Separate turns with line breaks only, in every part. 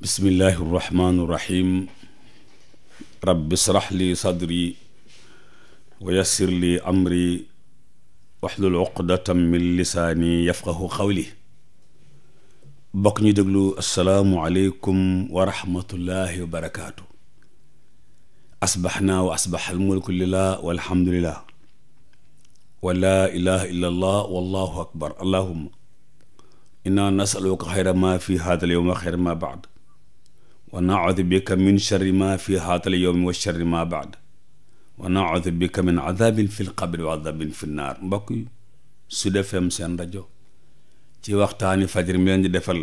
bismillahi irrahmani irrahim rabbi israh li sadri wa yassir li amri waxlul uqdatan min lisaani yafqahu xawli bokk ñu déglu asalaamu aleykum wa rahmatullahi wa barakaatu asbaxnaa wa asbaxal mulku lillah walhamdulillah wa laa ilaha illa allah wallahu akbar allahuma inna nasaluka xayra ma fi hada al yowma xayra ma baad wa naudu bika min sharri ma fi haatal yowmi wa sharri ma baad wa naudu bika min adabin fi lqabri wa adabin fi nnaar mbokk yi Sud FM seen rajo ci waxtaani fajar mi leen di defal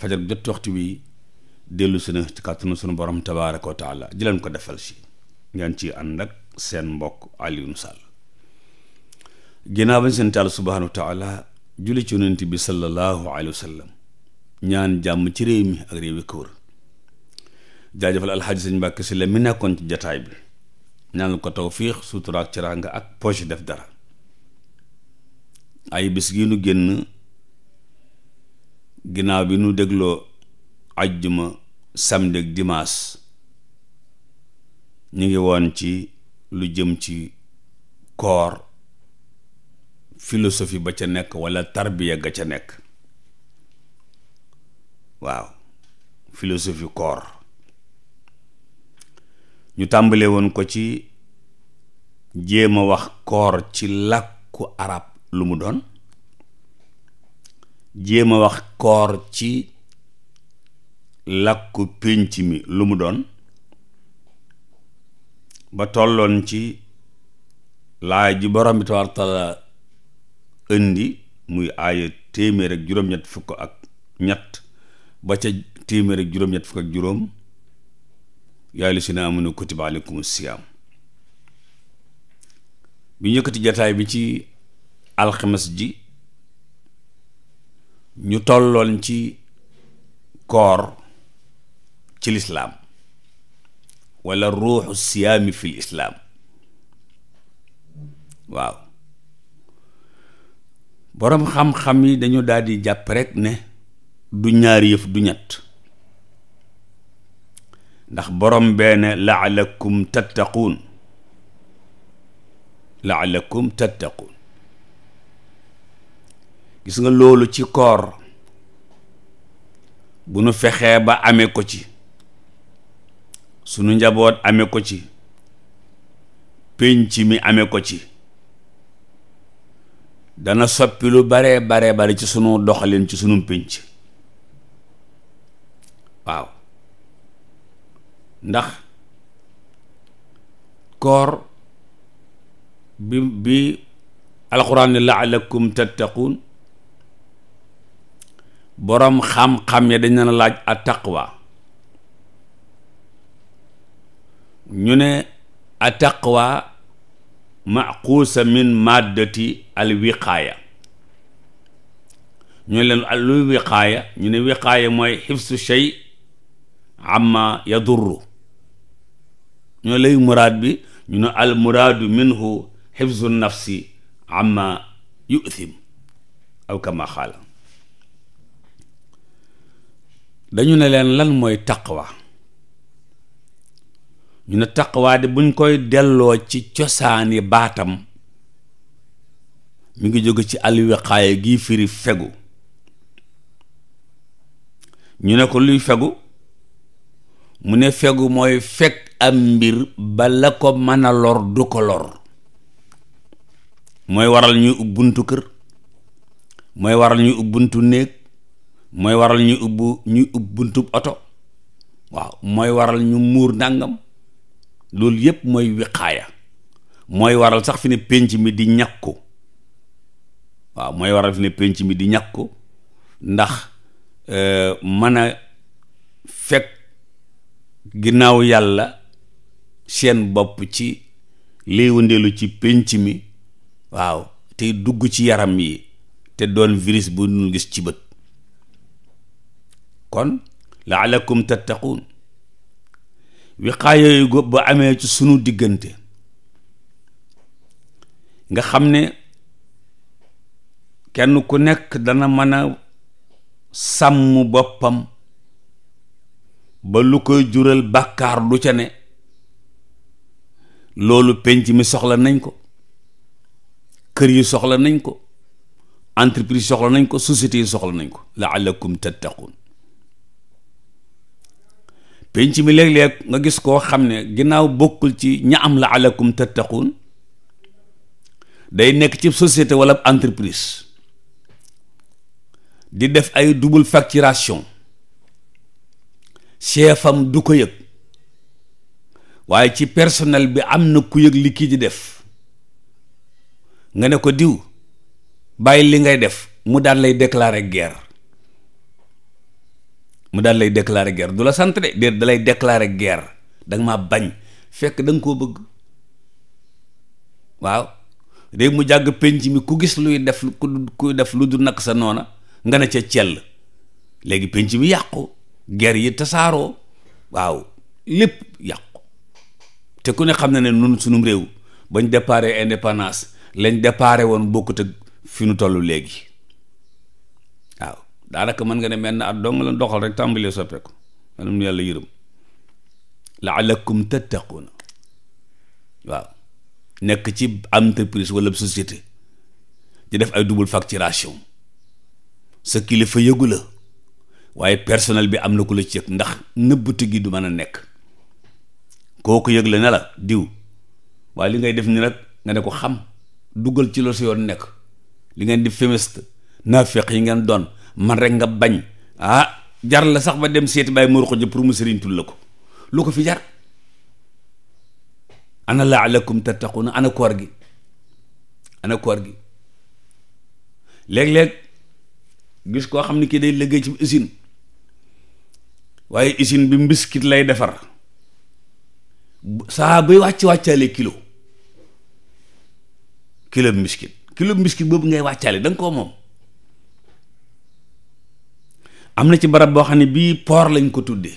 fajar jot waxtu wi dellu si na ci kàttanu sunu borom tabaaraka wa taala ji leen ko defal si ngeen ci ànd ak seen mbokk Alioune Sall ginnaaw bañ seen taal subhaanahu wa taala julli ci yonent bi sallallahu alayhi wa sallam ñaan jàmm ci réew mi ak réew yi ko wër jaajëfal alxaaji sëñ Mbàkke si la mi nekkoon ci jataay bi ñaanal ko tawfiix sutura ak ciraanga ak poche def dara ay bis gi nu génn ginnaaw bi nu dégloo ajjuma samedi ak dimaas ñu ngi woon ci lu jëm ci koor philosophie ba ca nekk walla tarbiya ga ca nekk waaw philosophie koor ñu tàmbale woon ko ci jéem a wax koor ci làkku arab lu mu doon jéem a wax koor ci làkku pénc mi lu mu doon ba tolloon ci laay ji borom bi tabaaraka indi muy aaya téeméer ak juróom-ñett fukk ak ñett ba ca téeméer ak juróom-ñett fukk ak juróom yaa llaziina aamanu kutiba aleykumu siyaam bi ñëkkati jataay bi ci alxames ji ñu tolloon ci koor ci lislaam walla ruuxu siyaami fi lislaam waaw boroom xam-xam yi dañu daal jàpp rekk ne du ñaar yëf du ñett ndax borom benn laalakum tattaquun laalakum tattaquun gis nga loolu ci koor bu nu fexee ba amee ko ci sunu njaboot ame ko ci pénc mi ame ko ci dana soppi lu bare bare bare ci sunu doxalin ci sunu pénc waaw ndax koor bi bi alxuraan ne laalakum tattaquun boroom xam-xam ya dañ na laaj at taqwa ñu ne at taqwa maquusa min maddati al wiqaaya ñu wiqaaya ñu ne wiqaaya mooy xifsu shay amma yadurru ñoo lay muraad bi ñu ne al muraadu minhu xifzu nafsi amma yu'thim aw kama xaala dañu ne leen lan mooy taqwa ñu ne taqwa de buñ koy delloo ci cosaani baatam mu ngi jóge ci alwiqaaya gii firi fegu ñu ne ko luy fegu mu ne fegu mooy fekk am mbir bala ko mën a lor du ko lor mooy waral ñuy ub buntu kër mooy waral ñuy ub buntu néeg mooy waral ñuy ubbu ñuy ub buntu oto waaw mooy waral ñu muur ndàngam loolu yépp mooy wiqaaya mooy waral sax fi ne pénc mi di ñàkk ko waaw mooy waral fi ne pénc mi di ñàkk ko ndax euh, mën a fekk ginnaaw yàlla seen bopp ci liy wëndeelu ci pénc mi waaw te dugg ci yaram yi te doon virus bu nu gis ci bët kon laalakum tattaquun wiqaaya yooyu go ba amee ci sunu diggante nga xam ne kenn ku nekk dana mën a sàmm boppam ba lu koy jural bàkkaar du ca ne loolu penc mi soxla nañ ko kër yi soxla nañ ko entreprise soxla nañ ko société yi soxla nañ ko la la'allakum tattaqun penc mi léeg-léeg nga gis koo xam ne ginnaaw bokkul ci ña am la la'allakum tattaqun day nekk ci société wala entreprise di def ay double facturation chef am du ko yëg waaye ci personnel bi am na ku yëg li kii di def nga ne ko diw bàyyi li ngay def mu daan lay déclarer guerre mu daan lay déclarer ger du la sant de déet da lay déclarer guerre danga ma bañ fekk danga koo bëgg waaw léegi mu jàgg penc mi ku gis luy def ku def lu du nag sa noona nga ne ca cell léegi penc mi yàqu ger yi tasaaroo waaw lépp yàqu te ku ne xam na ne nun sunum réew bañ dépare indépendance lañ dépare woon bokkut ak fi nu toll léegi waaw daanaka mën nga ne mel na at dong la doxal rek tàmbalee soppeeku manam nu yàlla yërëm laalakum waaw nekk ci entreprise wala société di def ay double facturation sa kilifa yëgu la waaye personnel bi am na ku la ci yëg ndax nëbbatu gi du mën a nekk kooku yëg la ne la diw waaye li ngay def ni rek nga ne ko xam duggal ci la si yoon nekk li ngeen di fémiste naafeq yi ngeen doon man rek nga bañ ah jar la sax ba dem seeti bàyyi mor xoj pour mu sëriñtul la ko loo ko fi jar ana laalakum na ana koor gi ana koor gi léeg-léeg gis koo xam ne kii day liggéey ci usine waaye usine bi mbiskit lay defar saa buy wàcc wàccaale kilo kilo mbiskit kilo mbiskit boobu ngay wàccaale da koo moom am na ci barab boo xam ne bii port lañ ko tuddee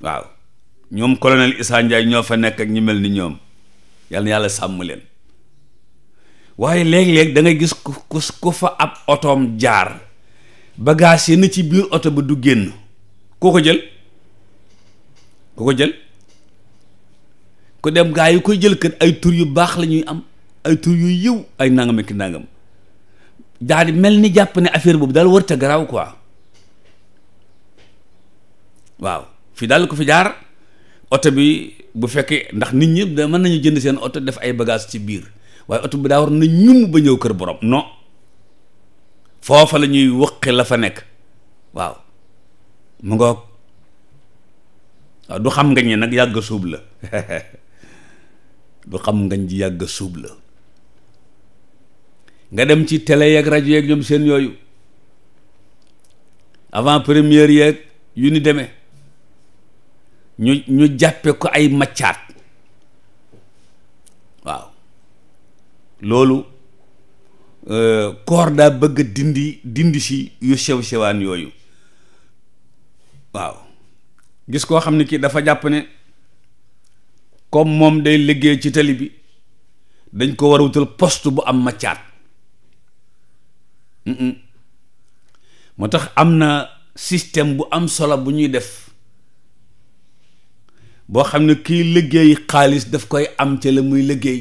waaw ñoom colonel Issa ñoo fa nekk ak ñi mel ni ñoom yàlla yàlla sàmm leen waaye léeg-léeg dangay gis ku ku fa ab otoom jaar bagaas yi na ci biir oto bi du génn koo ko jël koo ko jël ko dem gaa yi koy jël kat ay tur yu baax la ñuy am ay tur yu yiw ay nangam ak nangam daal mel ni jàpp ne affaire boobu daal wërta garaaw quoi waaw fi daal ko fi jaar oto bi bu fekkee ndax nit ñi mën nañu jënd seen oto def ay bagage ci biir waaye oto bi daa war na ñum ba ñëw kër borom non foofa lañuy ñuy wëqi la fa nekk waaw mu ngoog waaw du xam nga ñi nag yàgg suub la du xam ngañ ji yàgg suub la nga dem ci télé yeeg rajo yeeg ñoom seen yooyu avant première yeeg yu ni demee ñu ñu jàppe ko ay maccaat waaw loolu Euh, koor daa bëgg dindi dindi si yu sew sewaan yooyu waaw gis koo xam ne kii dafa jàpp ne comme moom day liggéey ci tali bi dañ ko war a wutal poste bu am maccaat moo tax am na système bu am solo bu ñuy def boo xam ne kii liggéey xaalis daf koy am ca la muy liggéey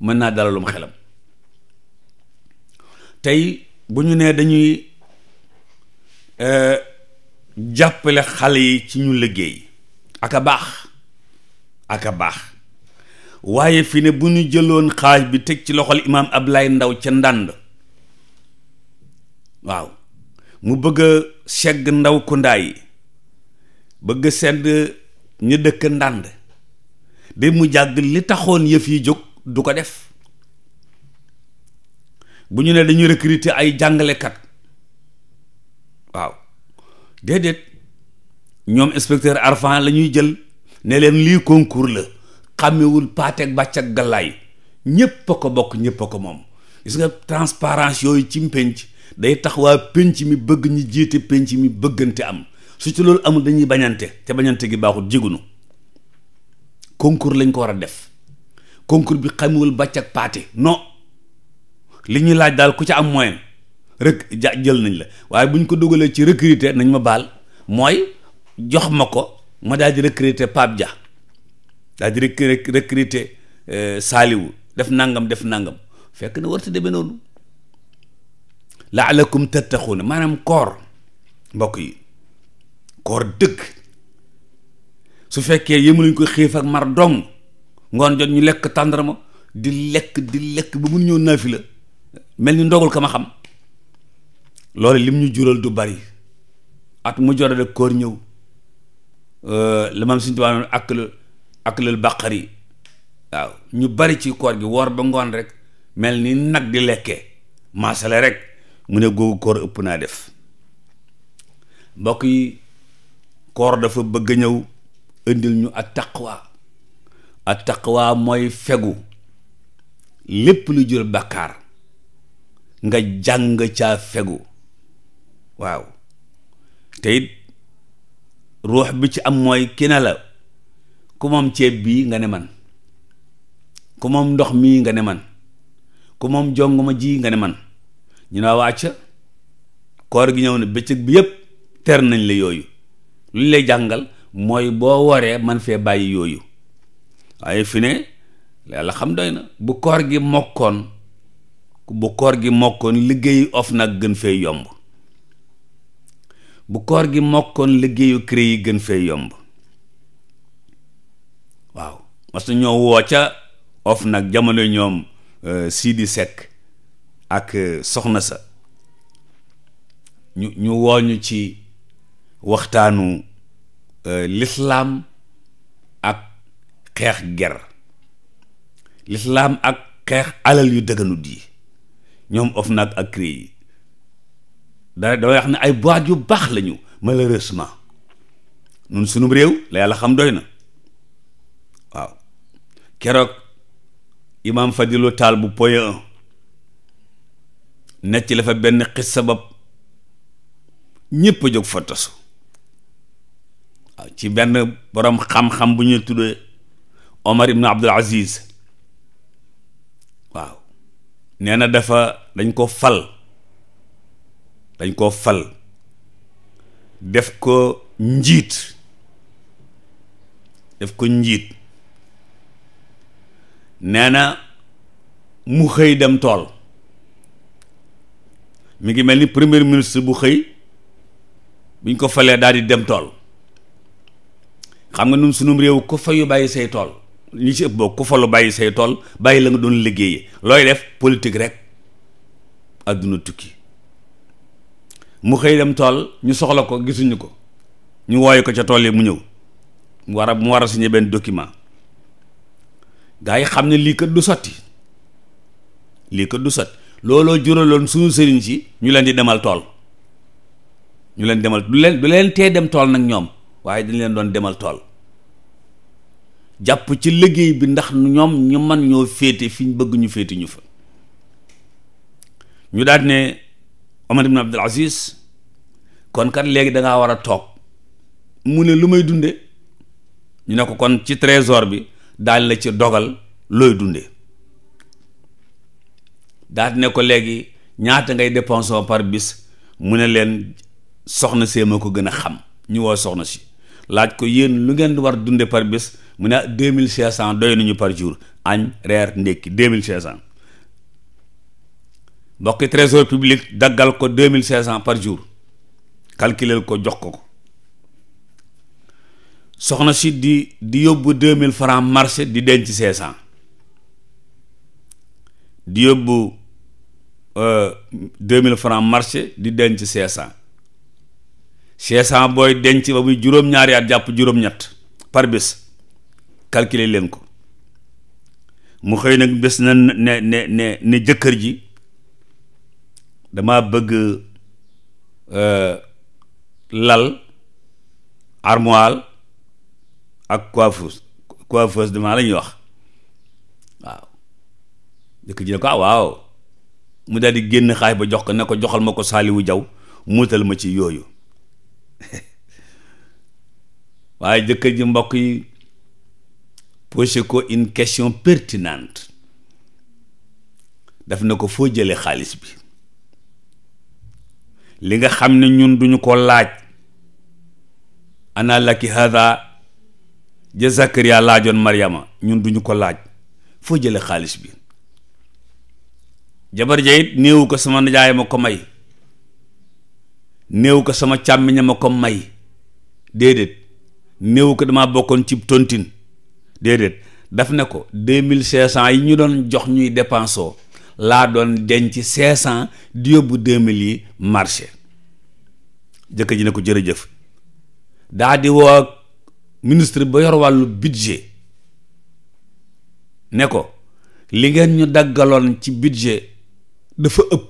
mën naa dalalum xelam tey bu ñu nee dañuy euh, jàppale xale yi ci ñu liggéey ak a baax ak a baax waaye fi ne bu ñu jëloon xaaj bi teg ci loxol imaam lay Ndaw ca ndànd waaw mu bëgg a segg ndaw ku ndaa yi bëgg sedd ñu dëkk ndànd de mu jàgg li taxoon yëf yi jóg du ko def bu ñu nee dañuy recruter ay jàngalekat waaw déedéet ñoom inspecteur arfan lañuy jël ne leen lii concours la xàmmewul paateeg bàccak gallaay ñépp a ko bokk ñépp a ko moom gis nga transparence yooyu ci pénc day tax waa pénc mi bëgg ñu jiite pénc mi bëggante am su ci loolu amul dañuy bañante te bañante gi baaxul jigunu concours lañ ko war a def concours bi xamewul bàccak paate non li ñuy laaj daal ku ci am moyen rek ja jël nañ la waaye bu ñu ko dugalee ci recruter nañ ma baal mooy jox ma ko ma daal di recruter Pape Dia daal di recruter euh, saaliwu def nangam def nangam fekk na warta demee noonu laalakum tattaxuuna maanaam koor mbokk yi koor dëgg su fekkee yëmuluñ ko xiif ak mar dong ngoon jot ñu lekk tàndarma di lekk di lekk ba mun ñoo naafi la mel ni ndogul ka ma xam loolu lim ñu jural du bari at mu jot rek koor ñëw euh, la maam suñu tubaab ak la ak la baqari waaw ñu bari ci koor gi woor ba ngoon rek mel ni nag di lekke maasale rek mu ne googu koor ëpp naa def mbokk yi koor dafa bëgg ñëw indil ñu at ak at taqwa mooy fegu lépp lu jur bàkkaar nga jàng caa fegu waaw te it ruux bi ci am mooy ki na la ku moom ceeb bii nga ne man ku moom ndox mii nga ne man ku moom jonguma ji nga ne man ñu naa wàcc koor gi ñëw na bëccëg bi yépp ter nañ la yooyu lu ñu lay jàngal mooy boo waree man fee bàyyi yooyu waaye fi ne yàlla xam doy na bu koor gi mokkoon bu koor gi mokkoon liggéeyu OFNAC gën fee yomb bu koor gi mokkoon liggéeyu CREI yi gën fee yomb waaw mas na ñoo woo ca nag jamono ñoom euh, Sidi Seck ak euh, soxna sa ñu ñu wooñu ci waxtaanu euh, lislaam ak xeex ger lislaam ak xeex alal yu dëgganut yi ñoom OFNAC ak CREI yi da damay wax ne ay boîte yu baax lañu malheureusement nun sunum réew la yàlla xam doy na waaw keroog imaam Fadilou taal bu Poye 1 necc la fa benn xis sabab ñépp a jóg fa tasu waaw ci benn boroom xam-xam bu ñu tuddee Omar ibn Abdul Aziz waaw nee na dafa dañ ko fal dañ ko fal def ko njiit def ko njiit nee na mu xëy dem tool mu ngi mel ni premier ministre bu xëy buñ ko falee daal di dem tool xam nga nun sunum réew ku yu bàyyi say tool ñi ci ëpp boo ku falu bàyyi say tool bàyyi la nga doon liggéeyee looy def politique rek àdduna tukki mu xëy dem tool ñu soxla ko gisuñu ko ñu wooyu ko ca tool yi mu ñëw mu war mu war a signé benn document gaa yi xam ne lii kat du sotti lii kat du sotti looloo juraloon suñu sëriñ si ñu leen di demal tool ñu leen demal du leen du leen tee dem tool nag ñoom waaye dañ leen doon demal tool jàpp ci liggéey bi ndax ñoom ñu man ñoo féete fi ñu bëgg ñu féete ñu fa ñu daal ne Omar ibn Abdul Aziz kon kat léegi dangaa war a toog mu ne lu may dunde ñu ne ko kon ci trésor bi daal la ci dogal looy dunde daal ne ko léegi ñaata ngay dépense par bis mu ne leen soxna see ma ko gën a xam ñu woo soxna si laaj ko yéen lu ngeen war dunde par bis mu ne ah, deux mille cinq cent doy nañu par jour añ reer ndekki deux mille cinq cent mbokki trésor public daggal ko deux mille cinq cent par jour calculel ko jox ko ko soxna si di di yóbbu deux mille francs marché di denc cinq cent di yóbbu euh, deux mille francs marché di denc cinq cent cinq cent booy denc ba muy juróom-ñaari at jàpp juróom-ñett par bés calculer leen ko mu xëy nag bés na ne ne ne ne jëkkër ji dama bëgg euh, lal armoire ak coiffeuse coiffeuse dama la wax waaw jëkk ji ne ko ah waaw mu daal di génn xaalis ba jox ko ne ko joxal ma ko saaliwu jaw muutal ma ci yooyu waaye jëkkër ji mbokk yi posé ko une question pertinente def na ko foo jëlee xaalis bi li nga xam ne ñun duñu ko laaj ana laki hada ja Zakaria laajoon Maryama ñun duñu ko laaj foo jële xaalis bi jabar ja it néewu ko sama nijaay ma ko may néewu ko sama càmmiña ma ko may déedéet néewu ko dama bokkoon cib tontine déedéet daf ne ko deux mille cinq cent yi ñu doon jox ñuy dépensoo laa doon denc cinq cent di yóbbu deux mille yi marché jëkkër ji ne ko jërëjëf daa di woo ministre ba yor wàllu budget ne ko li ngeen ñu daggaloon ci budget dafa ëpp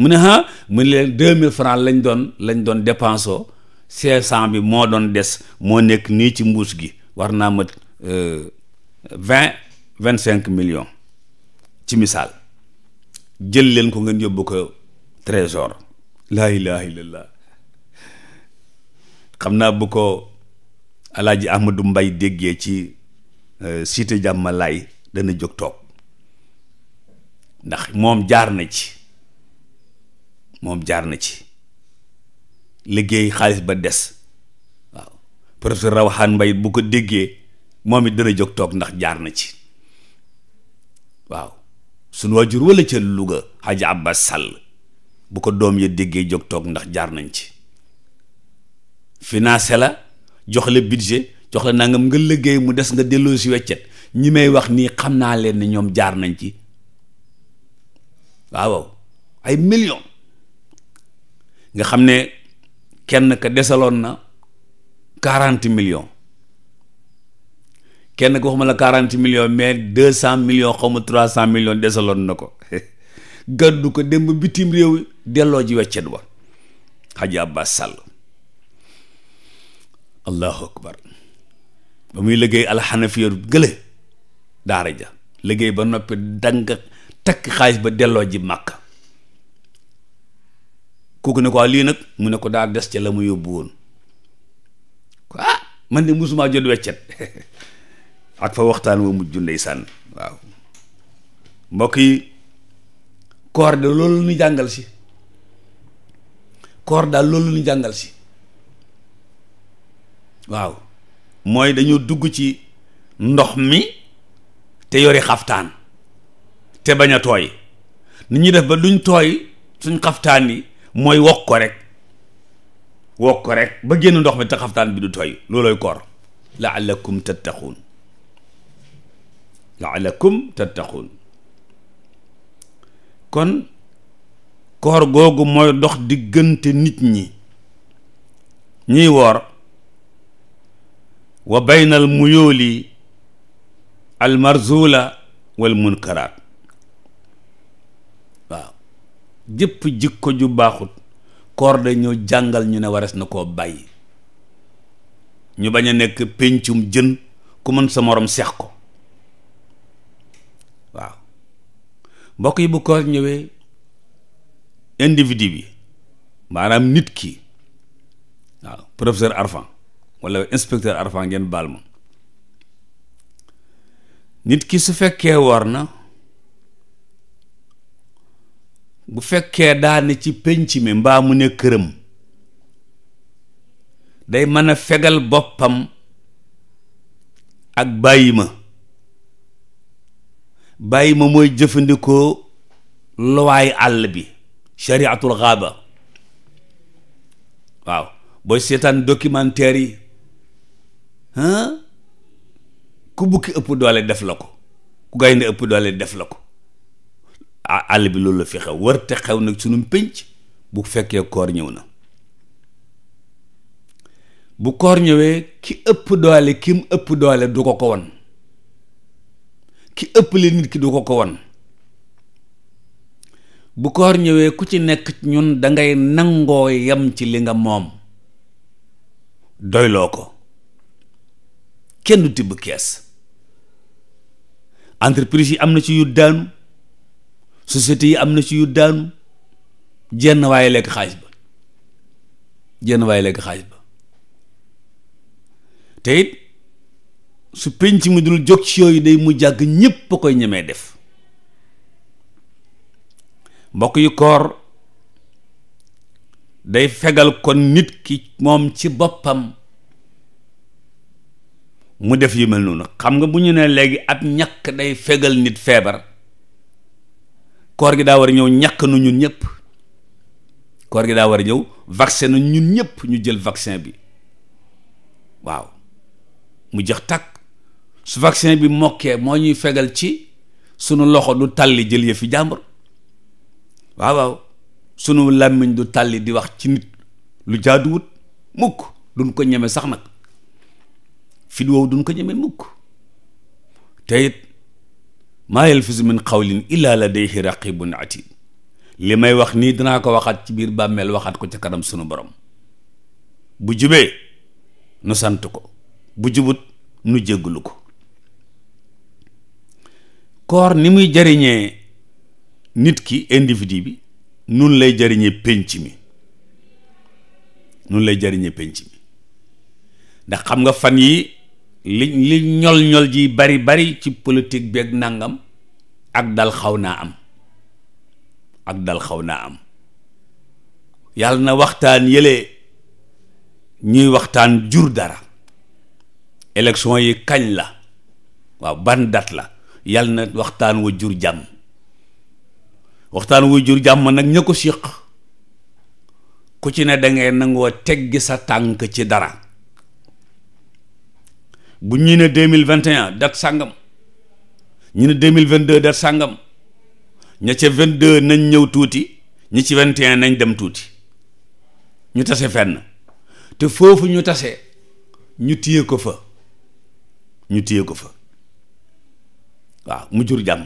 mu ne ha mu ne leen deux mille francs lañ doon lañ doon dépensoo cinq cent bi moo doon des moo nekk nii ci mbuus gi war naa mat euh, vingt vingt cinq million ci misaal jël leen ko ngeen yóbbu ko trésor laa ilaha illallah xam naa bu ko alaaji ahmadu mbay déggee ci euh, cité jàmmalaay dana jóg toog ndax moom jaar na ci moom jaar na ci liggéey xaalis ba des waaw professeur Rawane Mbaye bu ko déggee moom it dana jóg toog ndax jaar na ci waaw suñu waajur wala ca Louga Hadj Abbas Sall bu ko doom yi déggee jóg toog ndax jaar nañ ci financé la jox la budget jox la nangam nga liggéey mu des nga delloo si weccet ñi may wax nii xam naa leen ne ñoom jaar nañ ci waaw ay million nga xam ne kenn ka desaloon na quarante million kenn ko waxuma la quarante millions mais deux cent millions xaw ma trois cent millions desaloon na ko gàddu ko dem ba bitim réew delloo ji weccet wa Haji Abbas Sall allahu akbar ba muy liggéey alxanafiya gële daara ja liggéey ba noppi danga takk xaalis ba delloo ji màkk kooku ne ko ah, lii nag mu ne ko daal des ca la mu yóbbu woon ah man di musuma jot weccet ak fa waxtaan wa mujj ndeysaan waaw yi koor de loolu jàngal si koor daal loolu ñu jàngal si waaw mooy dañu dugg ci ndox mi te yori xaftaan te bañ a tooy ni ñuy def ba duñ tooy suñ xaftaan yi mooy wokk ko rek wokk ko rek ba génn ndox mi te xaftaan bi du tooy loolooy koor la'allakum tattaquun laalakum tattaqun kon koor googu mooy dox diggante nit ñi ñiy woor wa baynal muyóoli al marzula wal munkaraat waaw jëpp jikko ju baaxut koor dañoo jàngal ñu ne wares na koo bàyyi ñu bañ a nekk pencum jën ku mën sa moroom seex ko mbokk yi bu koor ñëwee individu bi maanaam nit ki waaw professeur Arfan wala inspecteur Arfan ngeen baal ma nit ki su fekkee woor na bu fekkee daane ci penc mi mbaa mu ne këram day mën a fegal boppam ak bàyyi ma bàyyi ma mooy jëfandikoo luwaay àll bi shariatul xaaba waaw booy seetaan documentaire yi ku bukki ëpp doole def la ko ku gaynde doole def la ko àll bi loolu la fi xew wër te xew nag sunu pénc bu fekkee koor ñëw na bu koor ñëwee ki ëpp doole ki mu ëpp doole du ko ko won ki ëppale nit ki du ko ko won bu koor ñëwee ku ci nekk ñun dangay nangoo yem ci li nga moom doyloo ko kenn du tibb kees entreprise yi am na ci yu daanu société yi am na ci yu daanu jenn waaye lekk xaalis ba jenn waaye lekk xaalis ba te su penc mi dul jóg ci yooyu day mu jàgg ñépp a koy ñemee def mbokk yu koor day fegal kon nit ki moom ci boppam mu def yu mel noonu xam nga bu ñu nee léegi ab ñàkk day fegal nit feebar koor gi daa war a ñëw ñàkk nu ñun ñëpp koor gi daa war a ñëw vaccin nu ñun ñëpp ñu jël vaccin bi waaw mu jeex tàkk su vaccin bi mokkee moo ñuy fegal ci sunu loxo du tàlli jël fi jàmbur waaw waaw sunu làmmiñ du tàlli di wax ci nit lu jaaduwut mukk duñ ko ñeme sax nag fit woowu duñ ko ñeme mukk te it maa yalfisu min qawlin illa ladayhi raqibun atid li may wax nii dinaa ko waxaat ci biir bàmmeel waxaat ko ci kanam sunu borom bu jubee nu sant ko bu jubut nu jégglu ko koor ni muy jariñee nit ki individu bi nun lay jariñe pénc mi nun lay jariñe pénc mi ndax xam nga fan yi li li ñol ñol ji bari bari ci politik bi ak nangam ak dal xaw naa am ak dal xaw naa am yàlla na waxtaan yële ñuy waxtaan jur dara élection yi kañ la waaw ban dat la yal na waxtaan wa jur jàmm waxtaan wa jur jàmm nag ña ko siq ku ci ne dangay nangoo teggi sa tànk ci dara bu ñu ne deux mille vingt et un dat sàngam ñu ne deux mille vingt deux dat sàngam ña ca vingt deux nañ ñëw tuuti ñi ci vingt et nañ dem tuuti ñu tase fenn te foofu ñu tase ñu tiye ko fa ñu téye ko fa waaw mu jur jàmm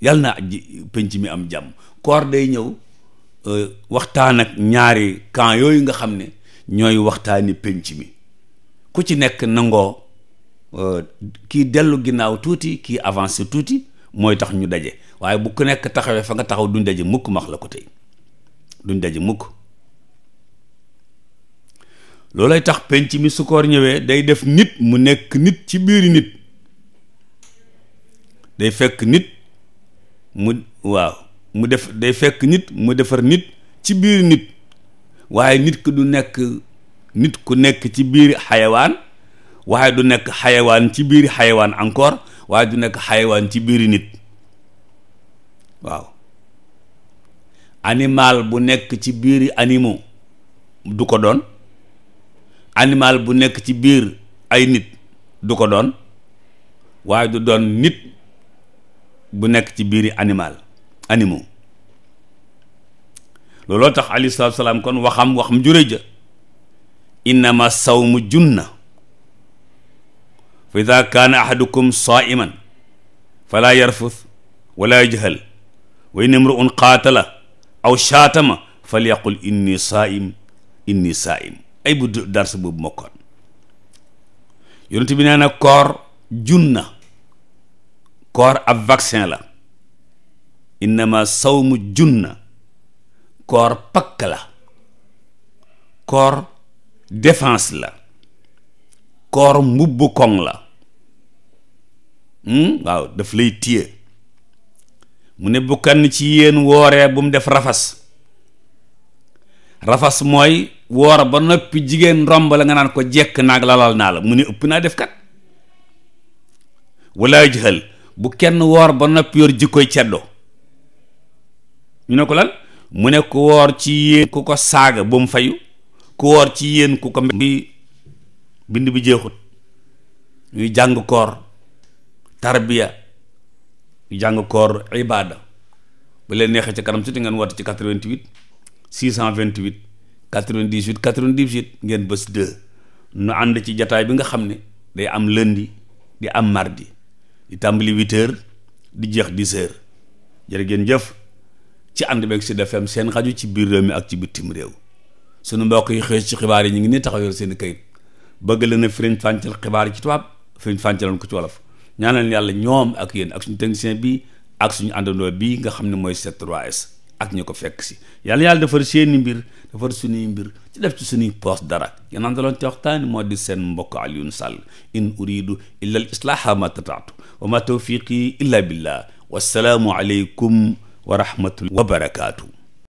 yal na penc mi am jàmm koor day ñëw euh, waxtaan ak ñaari kan yooyu nga xam ne ñooy waxtaani penc mi ku ci nekk nangoo euh, kii dellu ginnaaw tuuti kii avancé tuuti mooy tax ñu daje waaye bu ku nekk taxawee fa nga taxaw duñ daje mukk max la ko tey duñ daje mukk loolu loolay tax penc mi su koor ñëwee day def nit mu nekk nit ci biir nit day fekk nit mu waaw mu def day fekk nit mu defar nit ci biir nit waaye nit ku du nekk nit ku nekk ci biir xayawaan waaye du nekk xayawaan ci biir xayawaan encore waaye du nekk xayawaan ci biir nit waaw animal bu nekk ci biir animaux du ko doon animal bu nekk ci biir ay nit du ko doon waaye du doon nit bu nekk ci biiri animal animaux looloo tax aleyhi salaatu salaam kon waxam waxam jure ja innama sawmu junna fa ida kaana ahadukum saaiman falaa yarfus wala yajhal wa in imruun qaatala aw shaatama falyaqul inni saaim inni saaim ay bu dars boobu mokkoon yonent bi nee na koor junna koor ab vaccin la innama sawmu junna koor pakk la koor défense la koor mbubbu koŋ la hmm? waaw daf lay téye mu ne bu kenn ci yéen wooree bu mu def rafas rafas mooy woor ba noppi jigéen romb la nga naan ko jekk naag lalal naa la mu ne ëpp naa def kat wala jëxal bu kenn woor ba noppi yor jikkoy ceddo ñu ne ko lan mu ne ku woor ci yéen ku ko saaga bu mu fayu ku woor ci yéen ku ko bi bind bi jeexut ñuy jàng koor tarbiya ñu jàng koor ibaada bu leen neexee ci kanam suti ngeen woote ci 88 628 98 98 ngeen bës 2 nu ànd ci jataay bi nga xam ne day am lundi di am mardi di tàmbali huit heures di jeex di heures jërë ngeen jëf ci ànd beeg Sud FM seen rajo ci biir réew mi ak ci bitim réew sunu mbokk yi xëy ci xibaar yi ñu ngi nii taxaw yor seen kayit bëgg la na firiñ fàncal xibaar yi ci tubaab firiñ fàncaloon ko ci wolof ñaanal yàlla ñoom ak yéen ak suñu technicien bi ak suñu àndandoo bi nga xam ne mooy c 3 ak ñu ko fekk si yàlla yàlla defar seeni mbir defar suñuy mbir ci def ci suñuy poos dara yanaan da loon ci waxtaani moo di seen mbokk Alioune Sall in uridu illa al islaaha ma tataatu wa ma tawfiqi illa billah wassalaamu aleykum wa rahmatullahi wa barakaatu